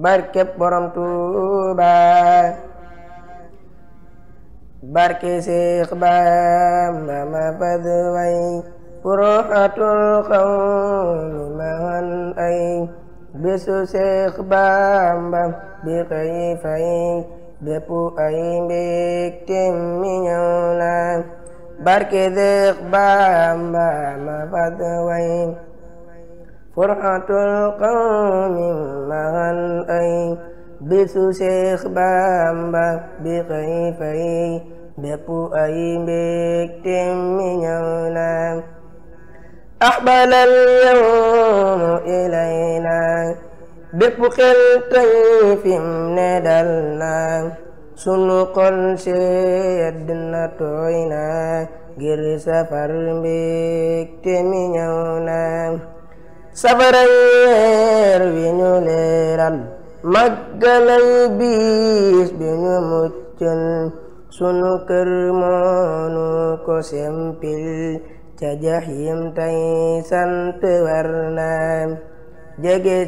barkeb borom Tuuba barke Seex Bamba ma fad way furuxatul xawmi mahan ay bésu Seex Bamba bi xëy fay bépp ay mbégteem mi ñëw na barke Seex Bamba ma fad way furxatul qawmin mahal ay bisu Seex Bamba bi xëy fay bépp ay mbégteem mi ñëw na axbalal yawmu ilayna bépp xel tey fim ne dal na sunu xol sedd na tooy na ngir safar mbégte mi ñëw na safara weer wi ñu leeral màggalal bis bi ñu muccal sunu kër moonu ko sempil ca jaxim tey sant war naam jege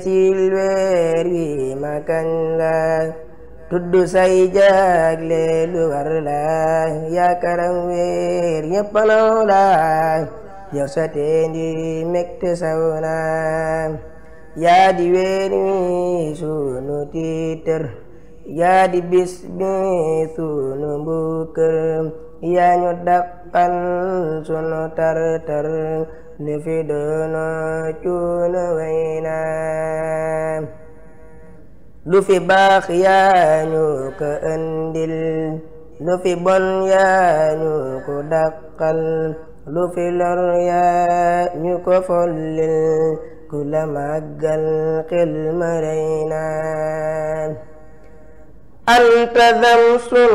weer wi makañ la tudd say jaagle lu war la yaakaram weer ñëppalaw la yow sotteendiri mekte sawna yaa di weer tiitër yaa bis bi sunu mbukkër yaa ñu daqal sunu tartar lu fi doono cuunu wayna lu fi baax yaa ñu ko andil lu fi bon yaa ñu ko daqal lu fi yaa ñu ko follil ku la màggal xel ma rey naan anta dam sun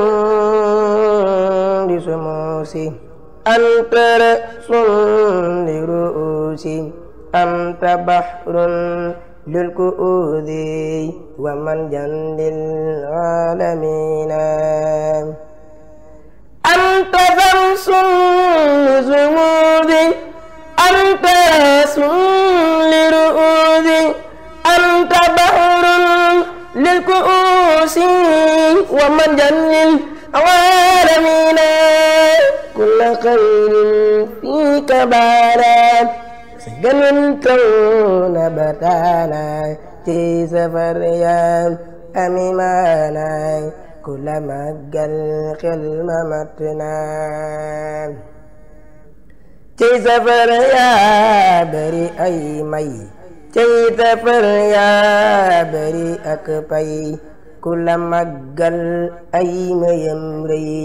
di sumuusi kuudi wa man jandil aalamiina نفس ومجن العالمين كل خير فيك بالا سجن كون بتانا في سفر يا أميمانا كلما قل خلم متنا ci safar yaa bari ay may ci safar yaa bari ak pay ku la màggal ay mayam rëy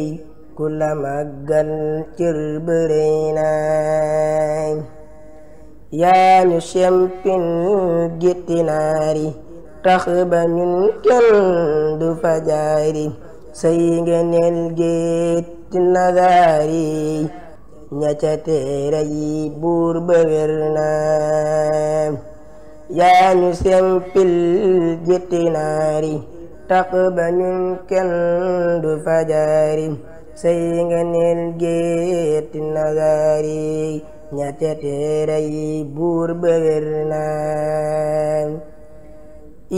ku la màggal cër bërëy naay yaa ñu sempin gittinaari tax ba ñun kenn du fa say ngeneel gétti ña ca teera buur ba wér yaa ñu sempil gittinaari taqbañul kenn du fajaari say nga neel géeti nazaari ñette téere yi buur bëwér naan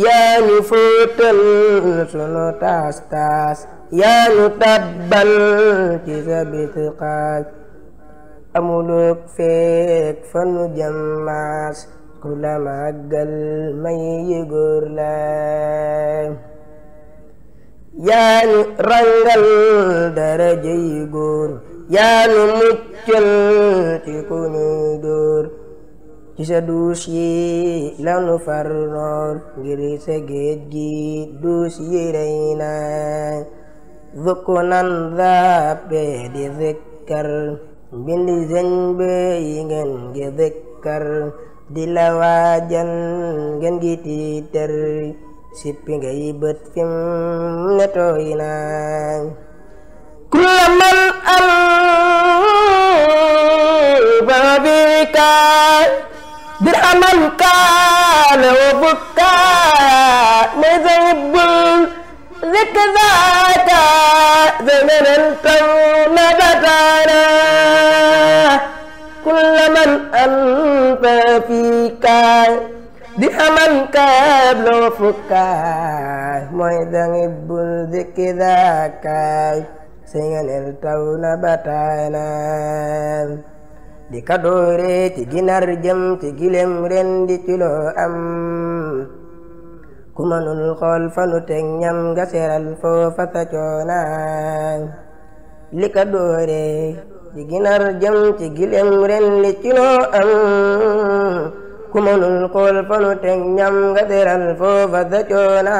yaa ñu fóotal sunu taas taas yaa ñu tabbal ci sa bit amuluk feek fanu jàmmaas ku la màggal may yëgóor la yaanu rangal daraja yi góor yaanu muccal ci ku ñuy dóor ci sa duus yi lanu far noor ngir sa géej gi duus yi rey zukku nan zaabe di zikkar mbindi sëñ be yi ngeen gi zikkar di la waajal ngeen gi tiitar sippi ngay bët fim ne tooy naa kulla man am babika dirhaman kaana wa bukka may zaybul zik zaata zamanan tam nadataana kulla man من قبل فكاك مويدا يبول ذكي ذاكاك سيغن التون بطانا di ka doore ci ginaar jëm ci gilem ren di am ku mënul xool fanu teg ñam nga seral foofa sa coona li doore ci ginaar jëm ci gilem ren di am ku mënul xool fanu teg ñam nga teral foofa sa coona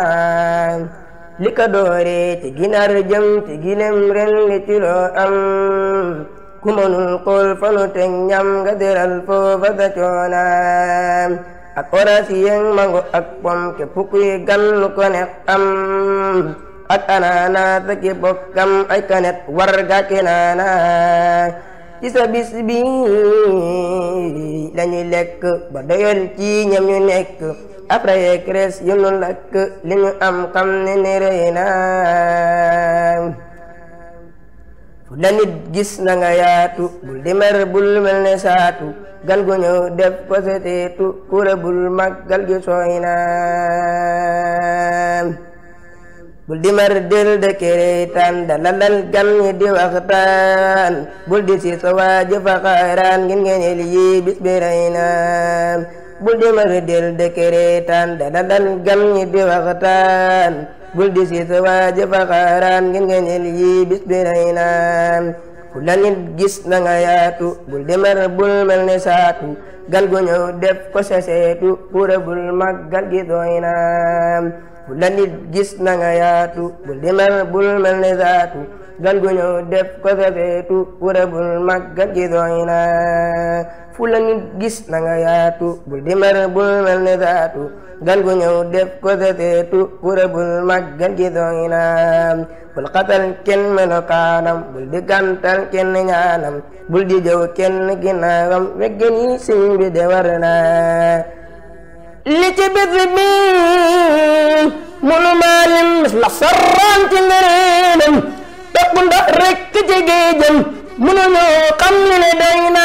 li ka dooree ci ginaar jëm ci gilem ren li ci loo am ku mënul xool fanu teg ñam nga teral foofa sa coona ak oras yeeg mango ak pom képp kuy gan lu ko am ak anaanaas ak bokkam ay kanet war gàcce naana ci sa bis lañuy lekk ba doyoon ci ñam ñu nekk après yeeg res yu nu lakk li ñu am xam ne ne rëy naa fu la nit gis na nga yaatu bul di mer bul mel ne saatu gal gu ñëw def ko seteetu kure bul mag gal gi sooy bul di mar del de kérétaan dalalal gan ñi di waxtaan bul di si waaji faxaaraan ngin ngeen yi bis bul di mar del de kérétaan dalalal gan ñi di waxtaan bul di si waaji faxaaraan ngin ngeen yi bis bul di mar bul mel ne saatu gan gu ñëw ko sa seetu bul mag gal gi la nit gis nanga yaatu bul di mel bul mel ne zaatu gan gu def ko sa wura bul màggat gi doy na nit gis na yaatu bul di mer bul mel ne zaatu gan gu def ko sa wura bul màggat gi doy na bul xatal kenn melokaanam bul di gàntal kenn ñaanam bul di jëw kenn ginnaawam wegg ni sëñ bi de war li ci bis bi munu maa lim la sarraan ci ngëreenam ndox rekk ci géejam munu ñoo xam li ne day li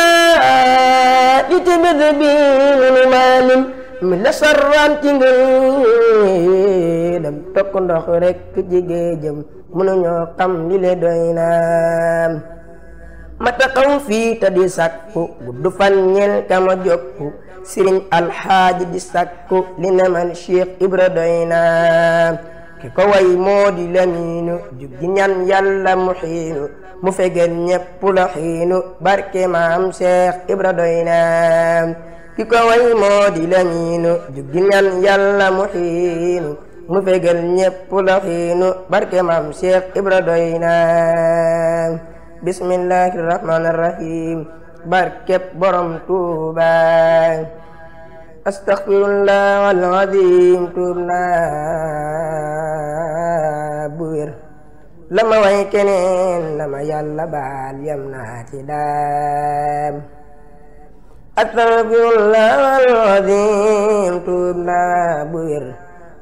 ci bis bi munu maa lim la sarraan ci ngëreenam ndox rekk ci géejam munu ñoo xam li ne doy ma taxaw fii te di sàkku gudd fan ñel kama jokku sëriñ alxaaji di sàkku li ne man Cheikh Ibra doy naa ki ko way moo di lamiinu juggi ñan yàlla mu xiinu mu fegel ñépp la xiinu barke maam Cheikh Ibra doy naa ki ko way moo di lamiinu juggi ñan yàlla mu xiinu mu fegel ñépp la xiinu barke maam Cheikh Ibra doy naa bismillahi rahmaani rahiim barkeb borom tuuba astaxfirullah wal aziim tuub naa la ma way la ma yàlla baal yam naa daam astaxfirullah wal aziim tuub naa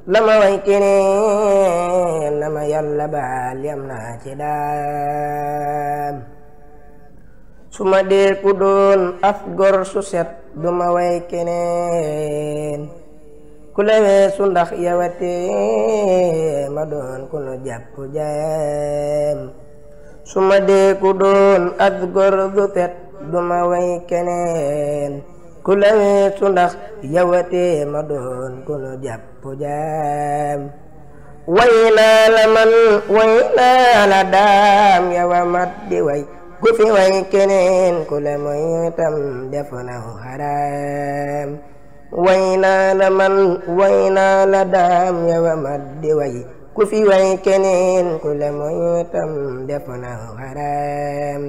lama way keneen lama yàlla baal yam naa ci daam su ma dee ku doon af su set du ma way keneen ku la weesu ndax yawatee ma doon ku nu jàpp jaam su ma dee ku doon af gor du du ma way keneen ku la weesu ndax yawatee ma doon ku nu jàpp jaam way la man way la daam yawa mat way ku way keneen ku la moy tam def na la man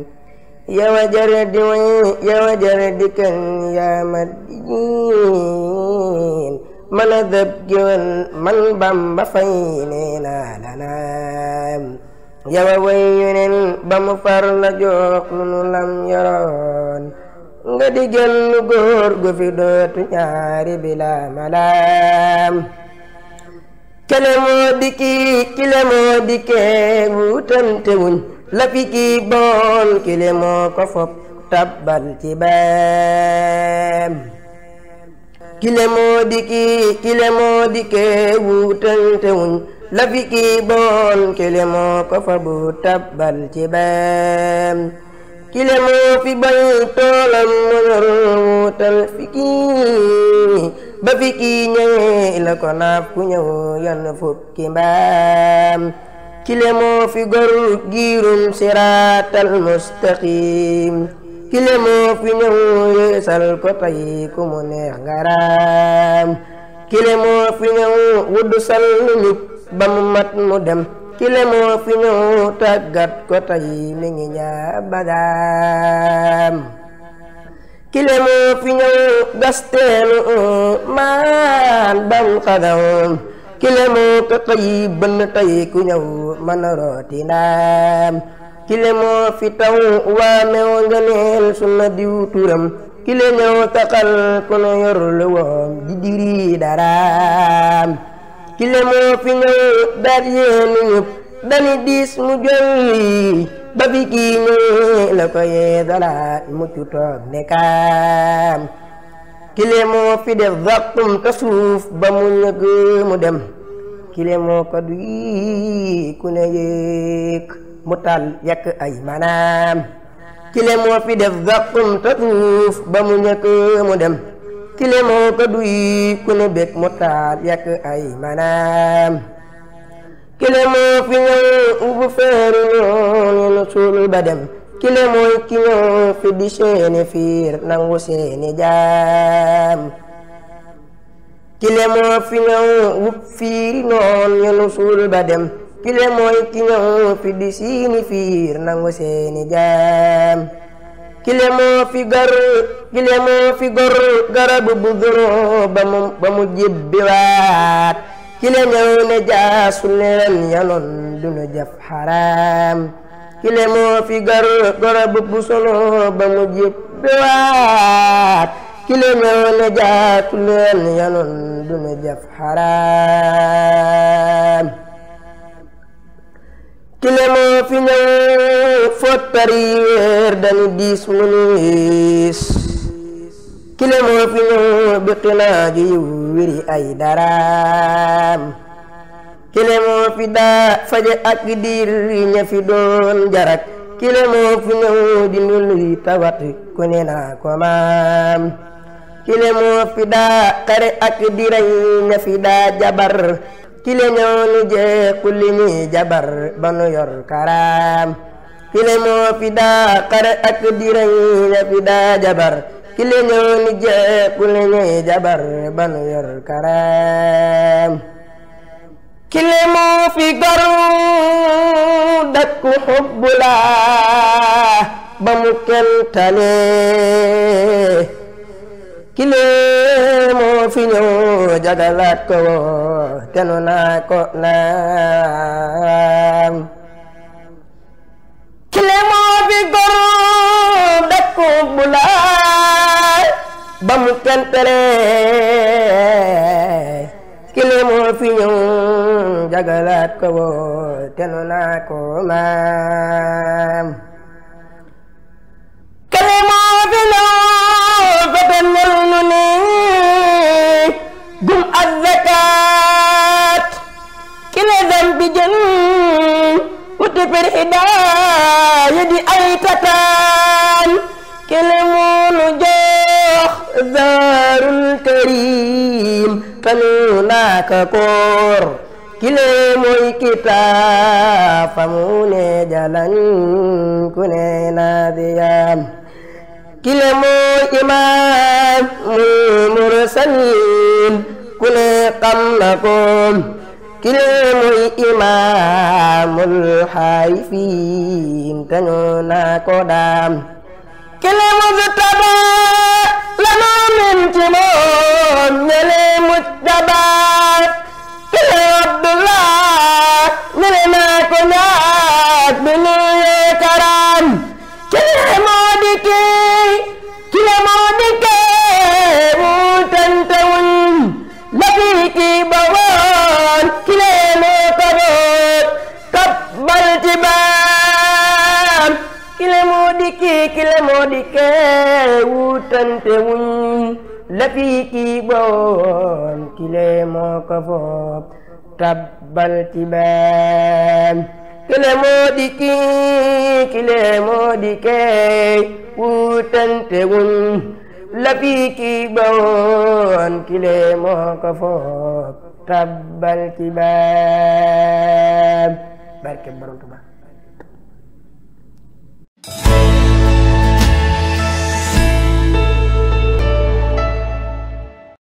yawa jare diwani yawa jare dikan yaa madin mala dab giwan man bamba fay nee naa yawa way yonen ba mu far la jox lu lam yoroon nga digal lu góor gu dootu ñaari bila malaam kele moo dikki kele moo dikkee wutante wuñ la fi kii bool kile moo ko fob tabbal ci beem kile moo di kii kile moo la fi kii bool moo ko fob tabbal ci beem kile moo fi bay toolam mu yor wuutal fi kii ba fi kii la ko naaf ku ñëw yan fukki mbaam kile moo fi gor giirum siraatal mustaqim kile moo fi ñëw yeesal ko tey ku mu neex ngaraam kile moo fi ñëw wudd sal nit ba mu mat mu dem kile moo fi ñëw tàggat ko tey mi ngi ñaa badaam kile moo fi ñëw gasteenu maan bam xadaw kilemoo ka xëy bënn tey ku ñëw mën rooti ndaam kilemoo fi taw waamew ngeneel sunna diw turam kile ñëw taxal ku nu yor lu woom di diri daraam kilemoo fi ñëw daat yéenu ñëpp dani diis mu jolli ba fi kii ñëw la ko yee dalaat muccu toog ne kile moo fi def zaqum te suuf ba mu ñëg mu dem kile moo kaddu yi ku ne yéeg mu tal yàq ay maanaam kile moo fi def zaqum te suuf ba mu ñëg mu dem kile moo kaddu yi ku ne bég mu tal yàq ay maanaam kile moo fi ñëw bu feeru ñoon suul ba dem kile mooy ki ñëw fi di seeni fiir nangu seeni jaam kile moo fi ñëw wub fiiri noon ñenu suul ba dem kile mooy ki ñëw fi di siini fiir nangu seeni jaam kile moo fi gar kile moo fi gor garabu buduro ba mu jibbi waat kile ñëw ne jaasul ne ren yanoon du nu jaf xaraam kile moo fi gar bu solo ba mu jébbiwaat kile ñoo ne jaatu yanoon du ne jaf xaraam kile moo fi ñëw foot pariyeer dañu diis mu niis kile moo fi ñëw bi xinaa yiw wiri ay daraam kile moo fi daa faje ak diir ña fi doon jarak kile moo fi ñëw di ndul yi tawat ku ne naa ko kile moo fi daa xare ak ña fi daa jabar kile ña fi daa jabar kile jabar ba nu yor karaam kile moo fi goru dakku xubbu ba mu kentale kile moo fi ñëw jagalaat ko tenu naa ko naam kile moo fi goru dakku xubbu ba mu kentale kile moo fi ñëw jagalaat ko woo te nu naa ko maam kile moo fi ñëw fetanal nu ni gum ak zakat kile zam bi jël wuti pir hidaa yi di ay tataan kile moo nu jox zaarul karim fanu ak koor kile mooy kitaab fa mu jalan ku ne naadiyaam kile mooy imaam muy mursaliin ku ne xam na koom kile mooy imaamul xaarifiin tañu naa ko daam kile mujtaba la noomin ci moom ñele mujtaba jëflante wuñ la fii kii boon moo ko foob tabbal ci baam kile moo di kii kile moo di kee wuutante wuñ la fii kii boon kile moo ko foob tabbal ci baam